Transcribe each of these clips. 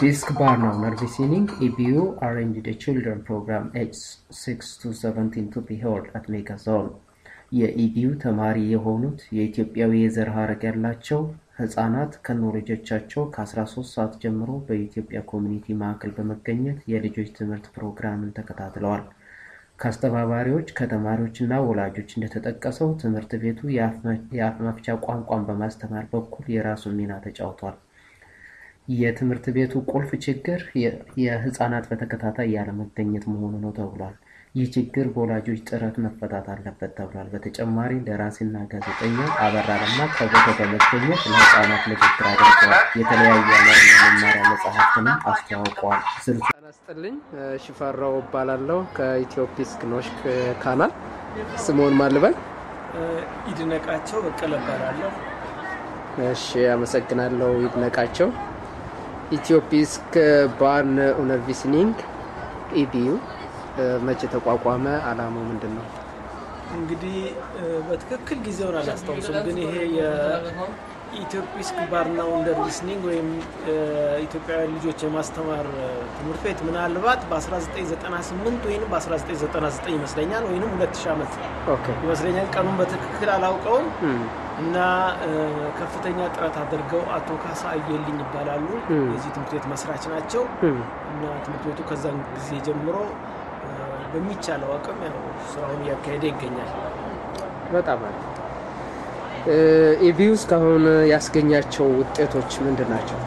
Disc Barnum Narbisining EBU arranged the children program age 6 to 17 to be held at የኢቢዩ ተማሪ የሆኑት የኢትዮጵያዊ የዘር ሀረግ ያላቸው ህጻናት ከነወላጆቻቸው ከ13 ሰዓት ጀምሮ በኢትዮጵያ ኮሚኒቲ ማዕከል በመገኘት የልጆች ትምህርት ፕሮግራምን ተከታትለዋል። ከአስተባባሪዎች ከተማሪዎችና ወላጆች እንደተጠቀሰው ትምህርት ቤቱ የአፍ መፍቻ ቋንቋን በማስተማር በኩል የራሱን ሚና ተጫውቷል። የትምህርት ቤቱ ቁልፍ ችግር የህፃናት በተከታታይ ያለመገኘት መሆኑ ነው ተብሏል። ይህ ችግር በወላጆች ጥረት መፈታት አለበት ተብሏል። በተጨማሪ ደራሲና ጋዜጠኛ አበራ ለማ ከቦታው በመገኘት ለህፃናት ንግግር አድርገዋል። የተለያዩ አማርኛ መማሪያ መጽሐፍትንም አስተዋውቀዋል። ስልጠናስጥልኝ ሽፈራው እባላለሁ ከኢትዮፒስ ግኖሽክ ካናል ስሞን ማልበል ይድነቃቸው በቀለ እባላለሁ። እሺ፣ አመሰግናለሁ ይድነቃቸው። ኢትዮጵስክ ባን ኡነርቪስኒንግ ኢቢዩ መቼ ተቋቋመ? አላማው ምንድን ነው? እንግዲህ በትክክል ጊዜውን አላስታውሱም፣ ግን ይሄ ኢትዮጵስ ኩባርና ወንደር ሊስኒንግ ወይም ኢትዮጵያውያን ልጆች የማስተማር ትምህርት ቤት ምናልባት በ1998 ወይም በ1999 ይመስለኛል ወይም 2000 ዓመት ይመስለኛል። ቀኑን በትክክል አላውቀውም እና ከፍተኛ ጥረት አድርገው አቶ ካሳ አየልኝ ይባላሉ። የዚህ ትምህርት ቤት መስራች ናቸው እና ትምህርት ቤቱ ከዛን ጊዜ ጀምሮ በሚቻለው አቅም ያው ስራውን እያካሄደ ይገኛል። በጣም ኢቪው ካሁን ያስገኛቸው ውጤቶች ምንድን ናቸው?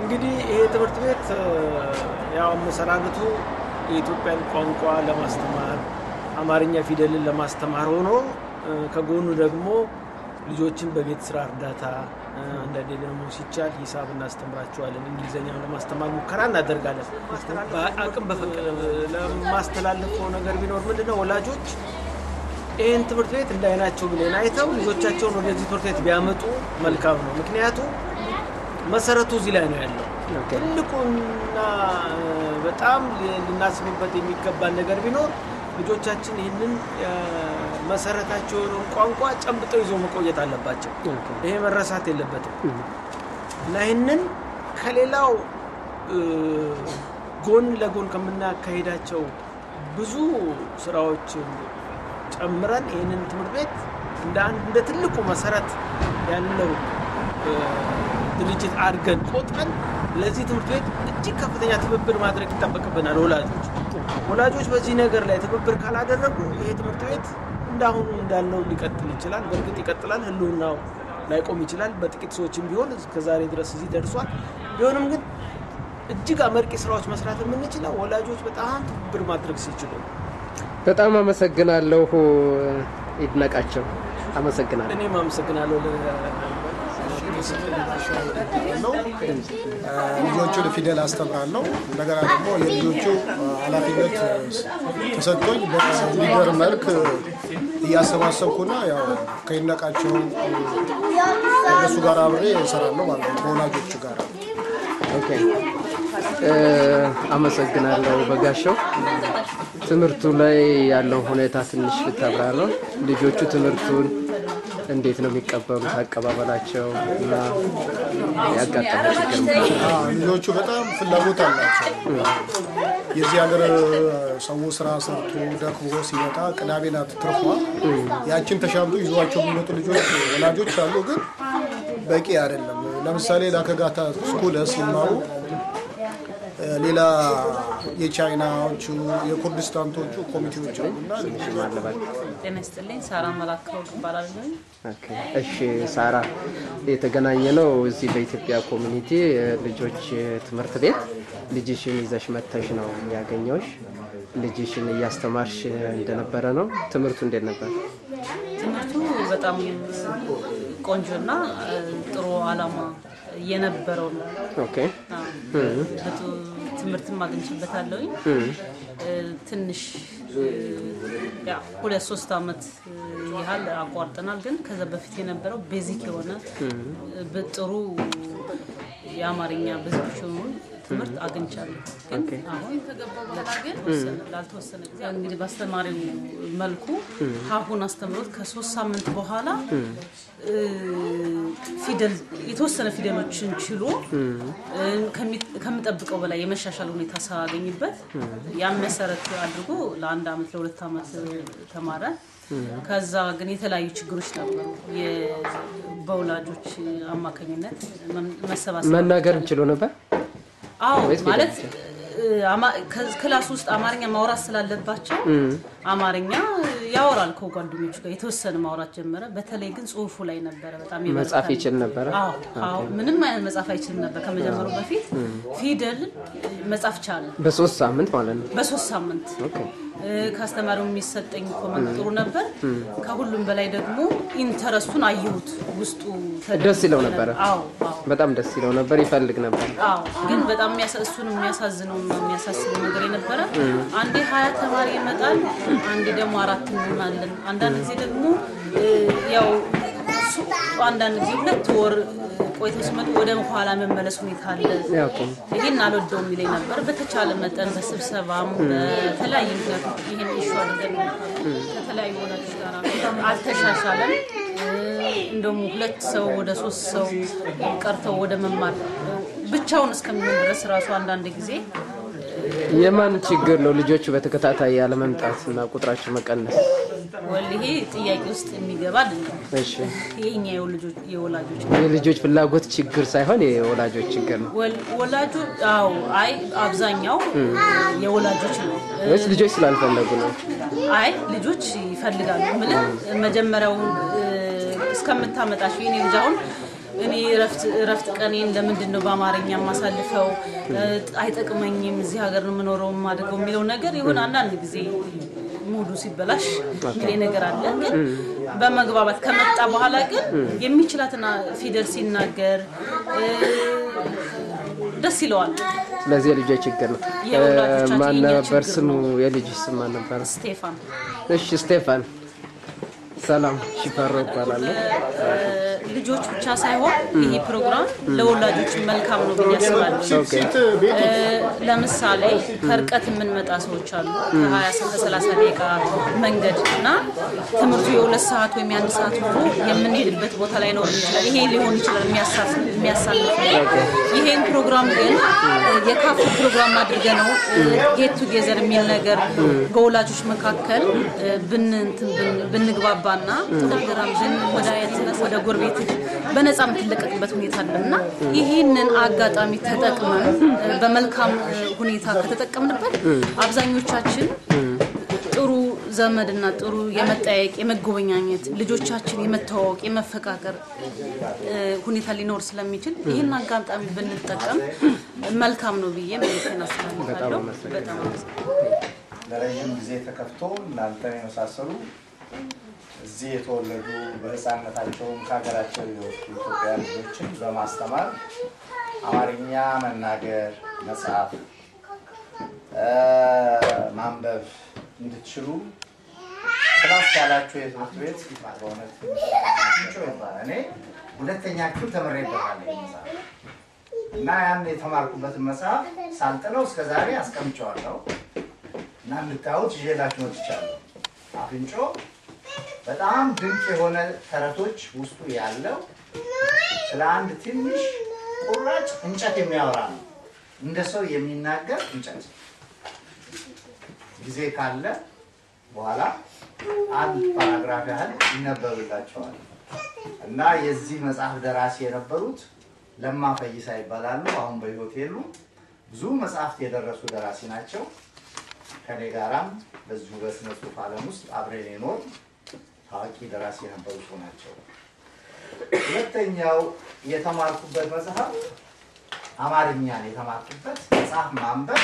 እንግዲህ ይሄ ትምህርት ቤት ያው መሰናበቱ የኢትዮጵያን ቋንቋ ለማስተማር አማርኛ ፊደልን ለማስተማር ሆኖ ከጎኑ ደግሞ ልጆችን በቤት ስራ እርዳታ፣ አንዳንዴ ደግሞ ሲቻል ሂሳብ እናስተምራቸዋለን። እንግሊዝኛ ለማስተማር ሙከራ እናደርጋለን። አቅም በፈቀደ ለማስተላለፈው ነገር ቢኖር ምንድነው ወላጆች ይህን ትምህርት ቤት እንዳይናቸው ብለን አይተው ልጆቻቸውን ወደዚህ ትምህርት ቤት ቢያመጡ መልካም ነው። ምክንያቱ መሰረቱ እዚህ ላይ ነው ያለው። ትልቁና በጣም ልናስብበት የሚገባን ነገር ቢኖር ልጆቻችን ይህንን መሰረታቸው የሆነውን ቋንቋ ጨብጠው ይዞ መቆየት አለባቸው። ይሄ መረሳት የለበትም እና ይህንን ከሌላው ጎን ለጎን ከምናካሄዳቸው ብዙ ስራዎች ጨምረን ይህንን ትምህርት ቤት እንደ አንድ እንደ ትልቁ መሰረት ያለው ድርጅት አድርገን ቆጥረን ለዚህ ትምህርት ቤት እጅግ ከፍተኛ ትብብር ማድረግ ይጠበቅብናል። ወላጆች ወላጆች በዚህ ነገር ላይ ትብብር ካላደረጉ ይሄ ትምህርት ቤት እንዳሁኑ እንዳለው ሊቀጥል ይችላል። በእርግጥ ይቀጥላል፣ ህልውናው ላይቆም ይችላል። በጥቂት ሰዎችም ቢሆን እስከዛሬ ድረስ እዚህ ደርሷል። ቢሆንም ግን እጅግ አመርቂ ስራዎች መስራት የምንችለው ወላጆች በጣም ትብብር ማድረግ ሲችሉ በጣም አመሰግናለሁ። ይድነቃቸው። አመሰግናለሁ። እኔም አመሰግናለሁ። ልጆቹን ፊደል አስተምራለሁ። እንደገና ደግሞ የልጆቹ ኃላፊነት ተሰጥቶኝ በሊደር መልክ እያሰባሰብኩና ያው ከይድነቃቸው እነሱ ጋር አብሬ እሰራለሁ ማለት ነው ከወላጆቹ ጋር አመሰግናለሁ በጋሻው። ትምህርቱ ላይ ያለው ሁኔታ ትንሽ ብታብራ ነው። ልጆቹ ትምህርቱን እንዴት ነው የሚቀበሉት? አቀባበላቸው እና ያጋጠመው ልጆቹ በጣም ፍላጎት አላቸው። የዚህ ሀገር ሰው ስራ ሰርቶ ደክሞ ሲመጣ ቅዳሜ ናት ትርፏ። ያችን ተሻምቶ ይዟቸው የሚመጡ ልጆች ወላጆች አሉ፣ ግን በቂ አይደለም። ለምሳሌ ላከጋታ ስኩለስ ሲማሩ ሌላ የቻይናዎቹ የኩርድስታንቶቹ ኮሚቴዎች አሉናእሺ ሳራ የተገናኘ ነው እዚህ በኢትዮጵያ ኮሚኒቲ ልጆች ትምህርት ቤት ልጅሽን ይዘሽ መተሽ ነው ያገኘውሽ። ልጅሽን እያስተማርሽ እንደነበረ ነው። ትምህርቱ እንዴት ነበር? ትምህርቱ በጣም ቆንጆና ጥሩ አላማ የነበረው ነው። ትምህርትም አግኝችበታለሁ ትንሽ ሁለት ሶስት አመት ያህል አቋርጠናል። ግን ከዛ በፊት የነበረው ቤዚክ የሆነ ጥሩ የአማርኛ ብዙ ትምህርት አግኝቻለሁ። ግን አሁን ከገባሁ በኋላ ግን ላልተወሰነ ጊዜ እንግዲህ በአስተማሪው መልኩ ሀሁን አስተምሮት ከሶስት ሳምንት በኋላ ፊደል የተወሰነ ፊደሎችን ችሎ ከምጠብቀው በላይ የመሻሻል ሁኔታ ሳገኝበት ያን መሰረት አድርጎ ለአንድ አመት ለሁለት አመት ተማረ። ከዛ ግን የተለያዩ ችግሮች ነበሩ። በወላጆች አማካኝነት መሰባሰብ መናገር እንችሎ ነበር አዎ ማለት ክላስ ውስጥ አማርኛ ማውራት ስላለባቸው አማርኛ ያወራል ከጓደኞቹ ጋር የተወሰነ ማውራት ጀመረ። በተለይ ግን ጽሁፉ ላይ ነበረ በጣም መጻፍ ይችል ነበረ። ምንም አይነት መጻፍ አይችልም ነበር ከመጀመሩ በፊት ፊደል መጻፍ ቻለ። በሶስት ሳምንት ማለት ነው። በሶስት ሳምንት ከአስተማሪው የሚሰጠኝ ኮመንት ጥሩ ነበር። ከሁሉም በላይ ደግሞ ኢንተረስቱን አየሁት። ውስጡ ደስ ይለው ነበረ። በጣም ደስ ይለው ነበር፣ ይፈልግ ነበር። ግን በጣም እሱን የሚያሳዝነው የሚያሳስበው ነገር የነበረ አንዴ ሀያ ተማሪ ይመጣል፣ አንዴ ደግሞ አራት እንሆናለን። አንዳንድ ጊዜ ደግሞ ያው አንዳንድ ጊዜ ሁለት ወር ቆይተው ሲመጡ ወደ ኋላ መመለስ ሁኔታ አለ። ይህን አልወደውም የሚለኝ ነበር። በተቻለ መጠን በስብሰባም በተለያዩ ምክንያቶች ይህን ኢሹ አድርገን ከተለያዩ ወዳጆች ጋር አልተሻሻለም። እንደውም ሁለት ሰው ወደ ሶስት ሰው ቀርተው ወደ መማር ብቻውን እስከሚሆን ድረስ ራሱ አንዳንድ ጊዜ የማን ችግር ነው? ልጆቹ በተከታታይ ያለመምጣት እና ቁጥራቸው መቀነስ ወልሄ የልጆች ፍላጎት ችግር ሳይሆን የወላጆች ችግር ነው። ወላጆ አዎ፣ አይ አብዛኛው የወላጆች ነው ወይስ ልጆች ስላልፈለጉ ነው? አይ ልጆች ይፈልጋሉ። ምን መጀመሪያው እስከምታመጣሽ የኔ ልጅ አሁን እኔ እረፍት ቀኔን ለምንድን ነው በአማርኛ የማሳልፈው? አይጠቅመኝም፣ እዚህ ሀገር ነው የምኖረው የማደርገው የሚለው ነገር ይሁን አንዳንድ ጊዜ ሙሉ ሲበላሽ ይሄ ነገር አለ። ግን በመግባባት ከመጣ በኋላ ግን የሚችላትና ፊደል ሲናገር ደስ ይለዋል። ስለዚህ የልጇ ችግር ነው። ማን ነበር ስሙ? የልጅ ስም ማን ነበር? ስቴፋን። እሺ ስቴፋን፣ ሰላም ሽፈራው ይባላል። ለልጆች ብቻ ሳይሆን ይሄ ፕሮግራም ለወላጆች መልካም ነው ብዬ አስባለሁ። ለምሳሌ ከርቀት የምንመጣ ሰዎች አሉ ከሀያ ከሰላሳ ደቂቃ መንገድ እና ትምህርቱ የሁለት ሰዓት ወይም የአንድ ሰዓት ሆኖ የምንሄድበት ቦታ ላይ ነው ይችላል። ይሄ ሊሆን ይችላል የሚያሳልፍ ይሄን ፕሮግራም ግን የካፍ ፕሮግራም አድርገ ነው ጌት ቱጌዘር የሚል ነገር በወላጆች መካከል ብንግባባና ተደራም ወደ ጎረቤት በነጻ የምትለቀቅበት ሁኔታ አለና ይህንን አጋጣሚ ተጠቅመን በመልካም ሁኔታ ከተጠቀምንበት አብዛኞቻችን ጥሩ ዘመድና ጥሩ የመጠያየቅ የመጎበኛኘት ልጆቻችን የመተዋወቅ የመፈቃቀር ሁኔታ ሊኖር ስለሚችል ይህን አጋጣሚ ብንጠቀም መልካም ነው ብዬ መልክን አስተላልፋለሁ። በጣም ለረዥም ጊዜ ተከፍቶ እናንተ የመሳሰሉ እዚህ የተወለዱ በሕፃንነታቸውም ከሀገራቸው የወጡ ኢትዮጵያ ልጆችን በማስተማር አማርኛ መናገር፣ መጽሐፍ ማንበብ እንድትችሉ ስላስቻላችሁ የትምህርት ቤት በእውነት ይባላል። እኔ ሁለተኛ ክፍል ተምሬበታለሁ እና ያን የተማርኩበትን መጽሐፍ ሳልጥለው እስከዛሬ አስቀምጨዋለሁ እና እንድታዩት ይዤላችሁ መጥቻለሁ አፍንጮ በጣም ድንቅ የሆነ ተረቶች ውስጡ ያለው ስለ አንድ ትንሽ ቁራጭ እንጨት የሚያወራ ነው። እንደ ሰው የሚናገር እንጨት። ጊዜ ካለ በኋላ አንድ ፓራግራፍ ያህል ይነበብላቸዋል እና የዚህ መጽሐፍ ደራሲ የነበሩት ለማ ፈይሳ ይባላሉ። አሁን በህይወት የሉ። ብዙ መጽሐፍት የደረሱ ደራሲ ናቸው። ከኔ ጋራም በዚሁ በስነ ጽሁፍ ዓለም ውስጥ አብሬን የኖር ታዋቂ ደራሲ የነበሩ ሰው ናቸው። ሁለተኛው የተማርኩበት መጽሐፍ አማርኛን የተማርኩበት መጽሐፍ ማንበብ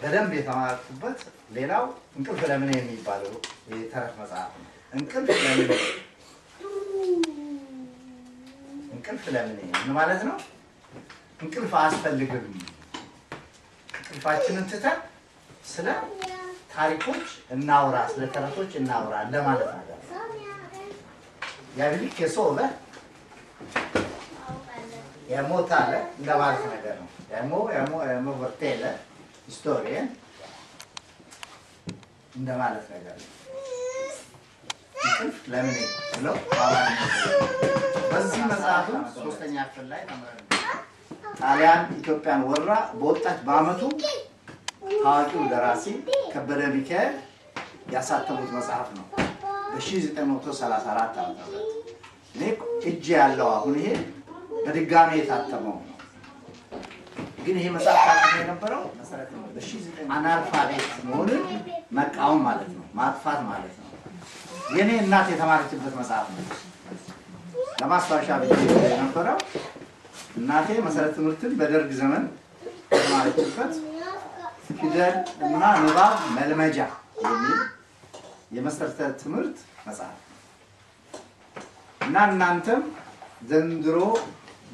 በደንብ የተማርኩበት። ሌላው እንቅልፍ ለምን የሚባለው የተረፍ መጽሐፍ ነው። እንቅልፍ ለምን እንቅልፍ ለምን ምን ማለት ነው? እንቅልፍ አያስፈልግም። እንቅልፋችንን ትተን ስለ ታሪኮች እናውራ፣ ስለ ተረቶች እናውራ ለማለት ነገር ያ ልክ የሰው ለማለት ነገር ነው። የሞ የሞ የሞ ወርቴለ ኢስቶሪየ እንደማለት ነገር ነው። ለምን ብለው በዚህ መጽሐፍ ሶስተኛ ክፍል ላይ ተምረን ጣሊያን ኢትዮጵያን ወራ በወጣች በአመቱ ታዋቂው ደራሲ ከበደ ሚካኤል ያሳተሙት መጽሐፍ ነው በ1934 ዓ ም እኔ እጅ ያለው አሁን ይሄ በድጋሜ የታተመው ነው። ግን ይሄ መጽሐፍ ታትሞ የነበረው አናልፋቤት መሆንን መቃወም ማለት ነው፣ ማጥፋት ማለት ነው። የእኔ እናት የተማረችበት መጽሐፍ ነው። ለማስታወሻ ብ የነበረው እናቴ መሰረት ትምህርትን በደርግ ዘመን የተማረችበት ፊደል እና ንባብ መልመጃ የሚል የመሰረተ ትምህርት መጽሐፍ እና እናንተም ዘንድሮ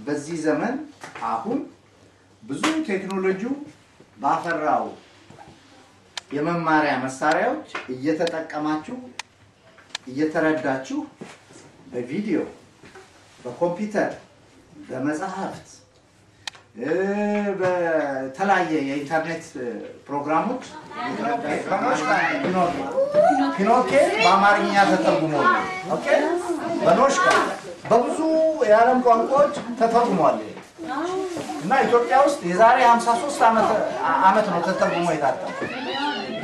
በዚህ ዘመን አሁን ብዙ ቴክኖሎጂው ባፈራው የመማሪያ መሳሪያዎች እየተጠቀማችሁ እየተረዳችሁ በቪዲዮ፣ በኮምፒውተር፣ በመጽሐፍት በተለያየ የኢንተርኔት ፕሮግራሞች ፒኖኬ በአማርኛ ተተርጉሞ በኖሽካ በብዙ የዓለም ቋንቋዎች ተተርጉሟል እና ኢትዮጵያ ውስጥ የዛሬ 53 ዓመት ነው ተተርጉሞ የታጠ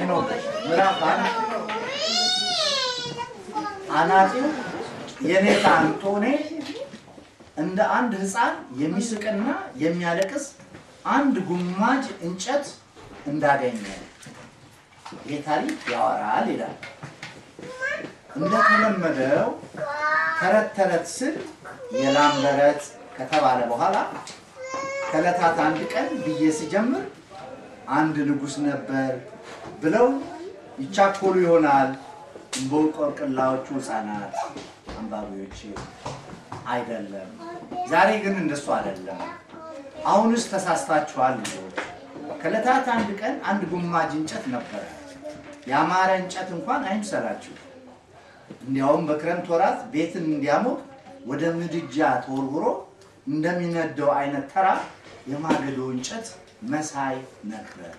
ምዕራፍ የኔታ አንቶኔ እንደ አንድ ህፃን የሚስቅና የሚያለቅስ አንድ ጉማጅ እንጨት እንዳገኘ ይሄ ታሪክ ያወራል ይላል። እንደተለመደው ተረት ተረት ስል የላም በረት ከተባለ በኋላ ከዕለታት አንድ ቀን ብዬ ስጀምር አንድ ንጉሥ ነበር ብለው ይቻኮሉ ይሆናል። እንቦልቆርቅላዎቹ ህፃናት አንባቢዎች አይደለም። ዛሬ ግን እንደሱ አይደለም። አሁንስ ተሳስታችኋል ልጆች። ከዕለታት አንድ ቀን አንድ ጉማጅ እንጨት ነበረ። ያማረ እንጨት እንኳን አይምሰላችሁ። እንዲያውም በክረምት ወራት ቤትን እንዲያሞቅ ወደ ምድጃ ተወርውሮ እንደሚነደው አይነት ተራ የማገዶ እንጨት መሳይ ነበር።